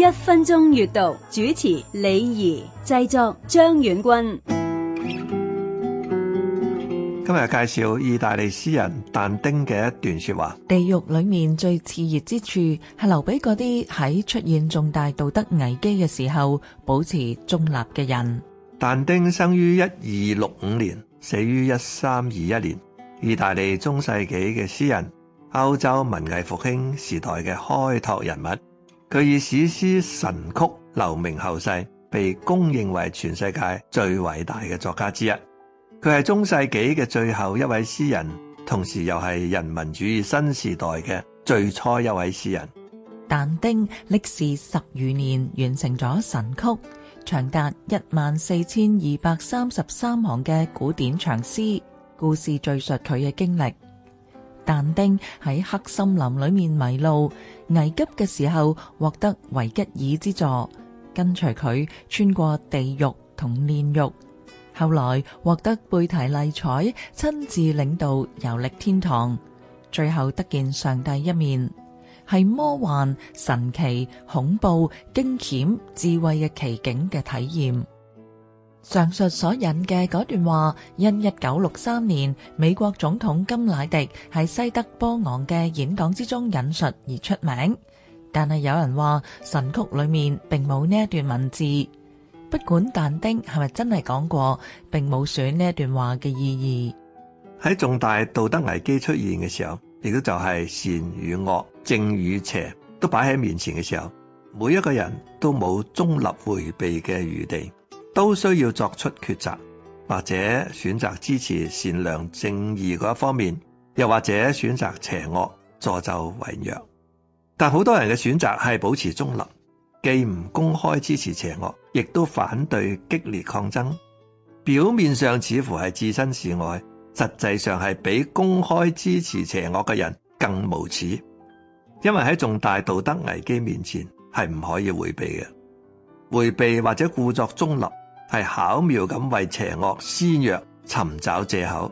一分鐘閱讀主持李儀，製作張遠君。今日介紹意大利詩人但丁嘅一段說話：地獄裏面最熾熱之處，係留俾嗰啲喺出現重大道德危機嘅時候保持中立嘅人。但丁生於一二六五年，死於一三二一年，意大利中世紀嘅詩人，歐洲文藝復興時代嘅開拓人物。佢以史詩《神曲》留名後世，被公認為全世界最偉大嘅作家之一。佢係中世紀嘅最後一位詩人，同時又係人文主義新時代嘅最初一位詩人。但丁歷時十餘年完成咗《神曲》，長達一萬四千二百三十三行嘅古典長詩，故事叙述佢嘅經歷。但丁喺黑森林裏面迷路危急嘅時候，獲得維吉爾之助，跟隨佢穿過地獄同煉獄，後來獲得貝提麗彩親自領導遊歷天堂，最後得見上帝一面，係魔幻、神奇、恐怖、驚險、智慧嘅奇景嘅體驗。上述所引嘅嗰段話，因一九六三年美國總統甘乃迪喺西德波昂嘅演講之中引述而出名。但係有人話神曲裏面並冇呢一段文字。不管但丁係咪真係講過，並冇選呢一段話嘅意義。喺重大道德危機出現嘅時候，亦都就係善與惡、正與邪都擺喺面前嘅時候，每一個人都冇中立回避嘅餘地。都需要作出抉擇，或者選擇支持善良正義嗰一方面，又或者選擇邪惡助紂為虐。但好多人嘅選擇係保持中立，既唔公開支持邪惡，亦都反對激烈抗爭。表面上似乎係置身事外，實際上係比公開支持邪惡嘅人更無恥。因為喺重大道德危機面前，係唔可以回避嘅，回避或者故作中立，係巧妙咁為邪惡私欲尋找借口，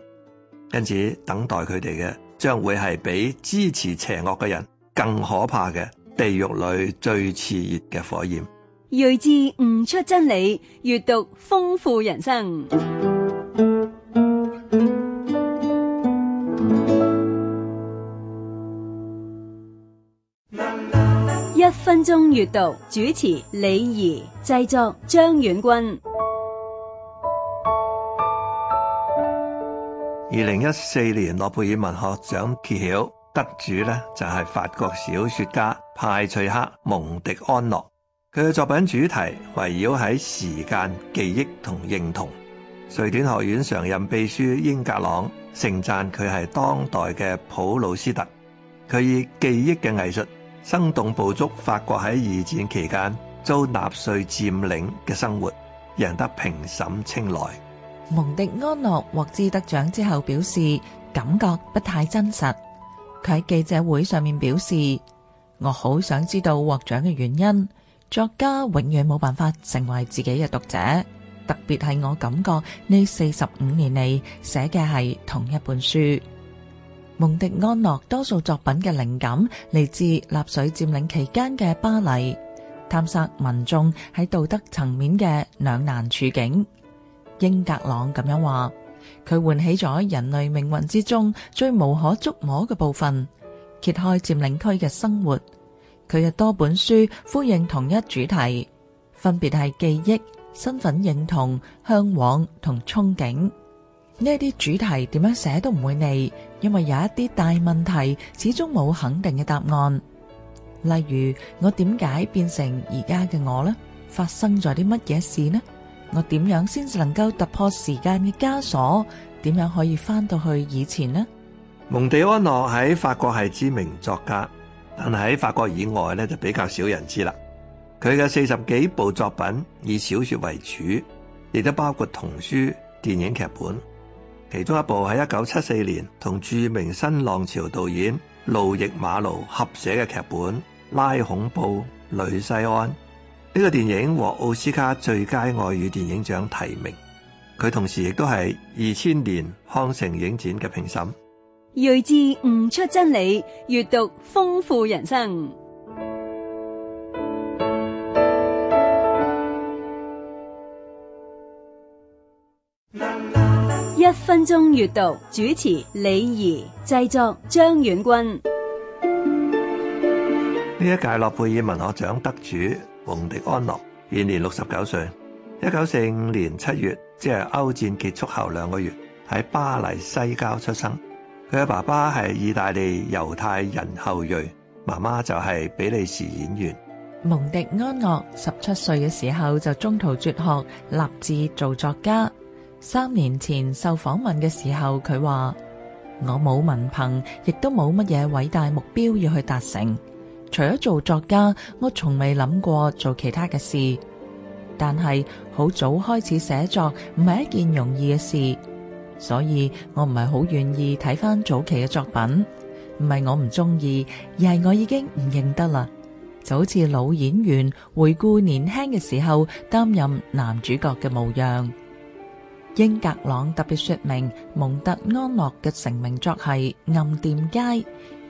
因此等待佢哋嘅將會係比支持邪惡嘅人更可怕嘅地獄裏最熾熱嘅火焰。睿智悟出真理，閱讀豐富人生。一分鐘閱讀主持李儀，製作張遠軍。二零一四年諾貝爾文學獎揭曉，得主咧，就係法國小說家派翠克蒙迪安諾。佢嘅作品主題圍繞喺時間、記憶同認同。瑞典學院常任秘書英格朗盛讚佢係當代嘅普魯斯特。佢以記憶嘅藝術，生動捕捉法國喺二戰期間遭納粹佔領嘅生活，贏得評審青睞。蒙迪安諾獲知得獎之後表示，感覺不太真實。佢喺記者會上面表示：「我好想知道獲獎嘅原因。作家永遠冇辦法成為自己嘅讀者，特別係我感覺呢四十五年嚟寫嘅係同一本書。」蒙迪安諾多數作品嘅靈感嚟自納粹佔領期間嘅巴黎，探索民眾喺道德層面嘅兩難處境。英格朗咁樣話，佢喚起咗人類命運之中最無可捉摸嘅部分，揭開佔領區嘅生活。佢嘅多本書呼應同一主題，分別係記憶、身份認同、向往同憧憬，呢啲主題，點樣寫都唔會膩，因為有一啲大問題始終冇肯定嘅答案。例如，我點解變成而家嘅我呢？發生咗啲乜嘢事呢？我點樣先至能夠突破時間嘅枷鎖？點樣可以返到去以前呢？蒙地安諾喺法國係知名作家，但係喺法國以外咧就比較少人知啦。佢嘅四十幾部作品以小說為主，亦都包括童書、電影劇本。其中一部喺一九七四年同著名新浪潮導演路易馬盧合寫嘅劇本《拉恐怖雷西安》。呢個電影獲奧斯卡最佳外語電影獎提名，佢同時亦都係二千年康城影展嘅評審。睿智悟出真理，閱讀豐富人生。一分鐘閱讀，主持李儀，製作張遠軍。呢一屆諾貝爾文學獎得主。蒙迪安諾現年六十九歲，一九四五年七月，即係歐戰結束後兩個月，喺巴黎西郊出生。佢嘅爸爸係意大利猶太人後裔，媽媽就係比利時演員。蒙迪安諾十七歲嘅時候就中途輟學，立志做作家。三年前受訪問嘅時候，佢話：我冇文憑，亦都冇乜嘢偉大目標要去達成。除咗做作家，我從未諗過做其他嘅事。但係好早開始寫作唔係一件容易嘅事，所以我唔係好願意睇翻早期嘅作品。唔係我唔中意，而係我已經唔認得啦。就好似老演員回顧年輕嘅時候擔任男主角嘅模樣。英格朗特別說明，蒙特安諾嘅成名作係《暗店街》。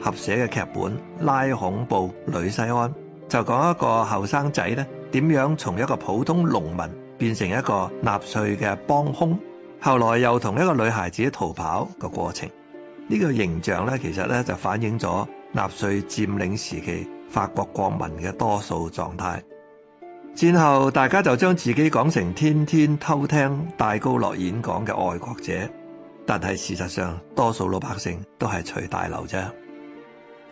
合寫嘅劇本《拉恐怖女西安》，就講一個後生仔呢點樣從一個普通農民變成一個納粹嘅幫兇，後來又同一個女孩子逃跑嘅過程。呢個形象咧，其實咧就反映咗納粹佔領時期法國國民嘅多數狀態。戰後大家就將自己講成天天偷聽戴高樂演講嘅愛國者，但係事實上多數老百姓都係隨大流啫。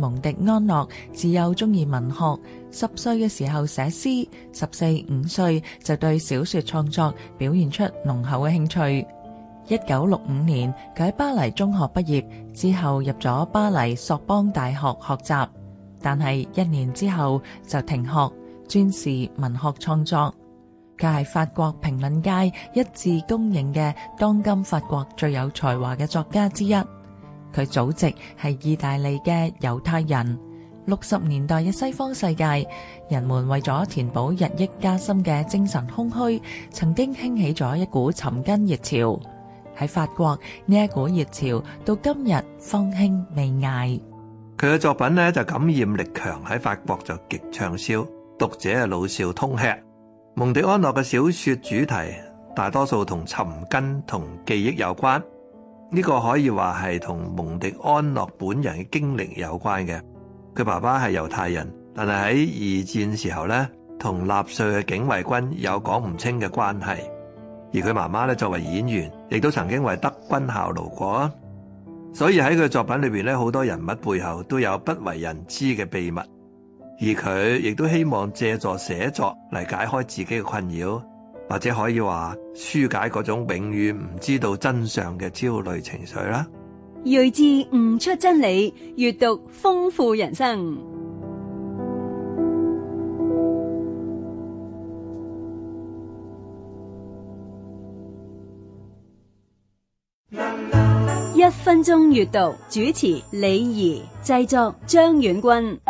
蒙迪安諾自幼中意文學，十歲嘅時候寫詩，十四五歲就對小說創作表現出濃厚嘅興趣。一九六五年佢喺巴黎中學畢業之後入咗巴黎索邦大學學習，但係一年之後就停學，專事文學創作。佢係法國評論界一致公認嘅當今法國最有才華嘅作家之一。佢祖籍係意大利嘅猶太人。六十年代嘅西方世界，人們為咗填補日益加深嘅精神空虛，曾經興起咗一股尋根熱潮。喺法國呢一股熱潮到今日方興未艾。佢嘅作品呢就感染力強，喺法國就極暢銷，讀者啊老少通吃。蒙迪安諾嘅小說主題大多數同尋根同記憶有關。呢個可以話係同蒙迪安諾本人嘅經歷有關嘅。佢爸爸係猶太人，但係喺二戰時候咧，同納粹嘅警衛軍有講唔清嘅關係。而佢媽媽咧作為演員，亦都曾經為德軍效勞過。所以喺佢作品裏邊咧，好多人物背後都有不為人知嘅秘密。而佢亦都希望借助寫作嚟解開自己嘅困擾。或者可以話紓解嗰種永遠唔知道真相嘅焦慮情緒啦。睿智悟出真理，閱讀豐富人生。一分鐘閱讀。主持李怡，製作張婉君。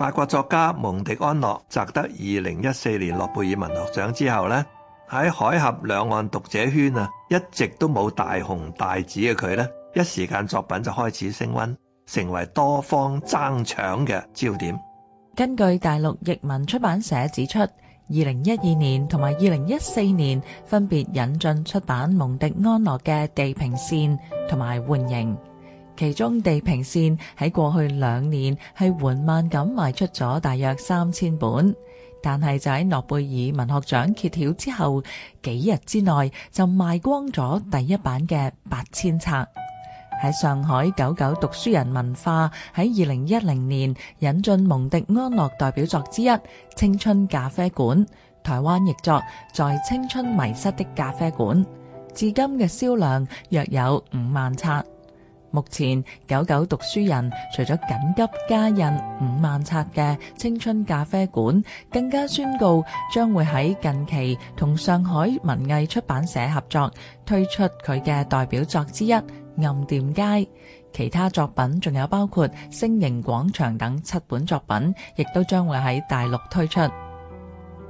法國作家蒙迪安諾摘得二零一四年諾貝爾文學獎之後呢喺海峽兩岸讀者圈啊，一直都冇大紅大紫嘅佢呢一時間作品就開始升温，成為多方爭搶嘅焦點。根據大陸譯文出版社指出二零一二年同埋二零一四年分別引進出版蒙迪安諾嘅《地平線》同埋《緩刑》。其中地平線喺過去兩年係緩慢咁賣出咗大約三千本，但係就喺諾貝爾文學獎揭曉之後幾日之內就賣光咗第一版嘅八千冊。喺上海九九讀書人文化喺二零一零年引進蒙迪安諾代表作之一《青春咖啡館》，台灣譯作《在青春迷失的咖啡館》，至今嘅銷量約有五萬冊。目前九九讀書人除咗緊急加印五萬冊嘅《青春咖啡館》更加宣告將會喺近期同上海文藝出版社合作推出佢嘅代表作之一《暗店街》，其他作品仲有包括《星形廣場》等七本作品，亦都將會喺大陸推出。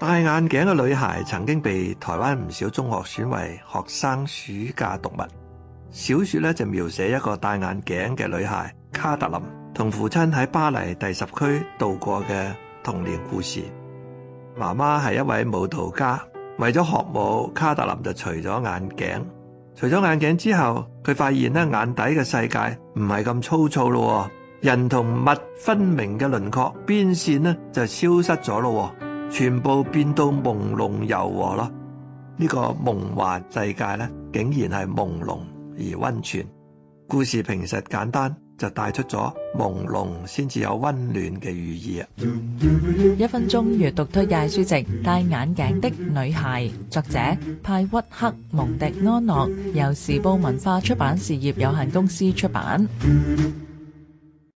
戴眼鏡嘅女孩曾經被台灣唔少中學選為學生暑假讀物。小說咧，就描寫一個戴眼鏡嘅女孩卡特琳同父親喺巴黎第十區度過嘅童年故事。媽媽係一位舞蹈家，為咗學舞，卡特琳就除咗眼鏡。除咗眼鏡之後，佢發現咧眼底嘅世界唔係咁粗糙咯，人同物分明嘅輪廓邊線咧就消失咗咯。全部變到朦朧柔和咯，呢個夢幻世界呢竟然係朦朧而温泉。故事平實簡單，就帶出咗朦朧先至有温暖嘅寓意啊。一分鐘閱讀推介書籍《戴眼鏡的女孩》，作者派屈克蒙迪安諾，由時報文化出版事業有限公司出版。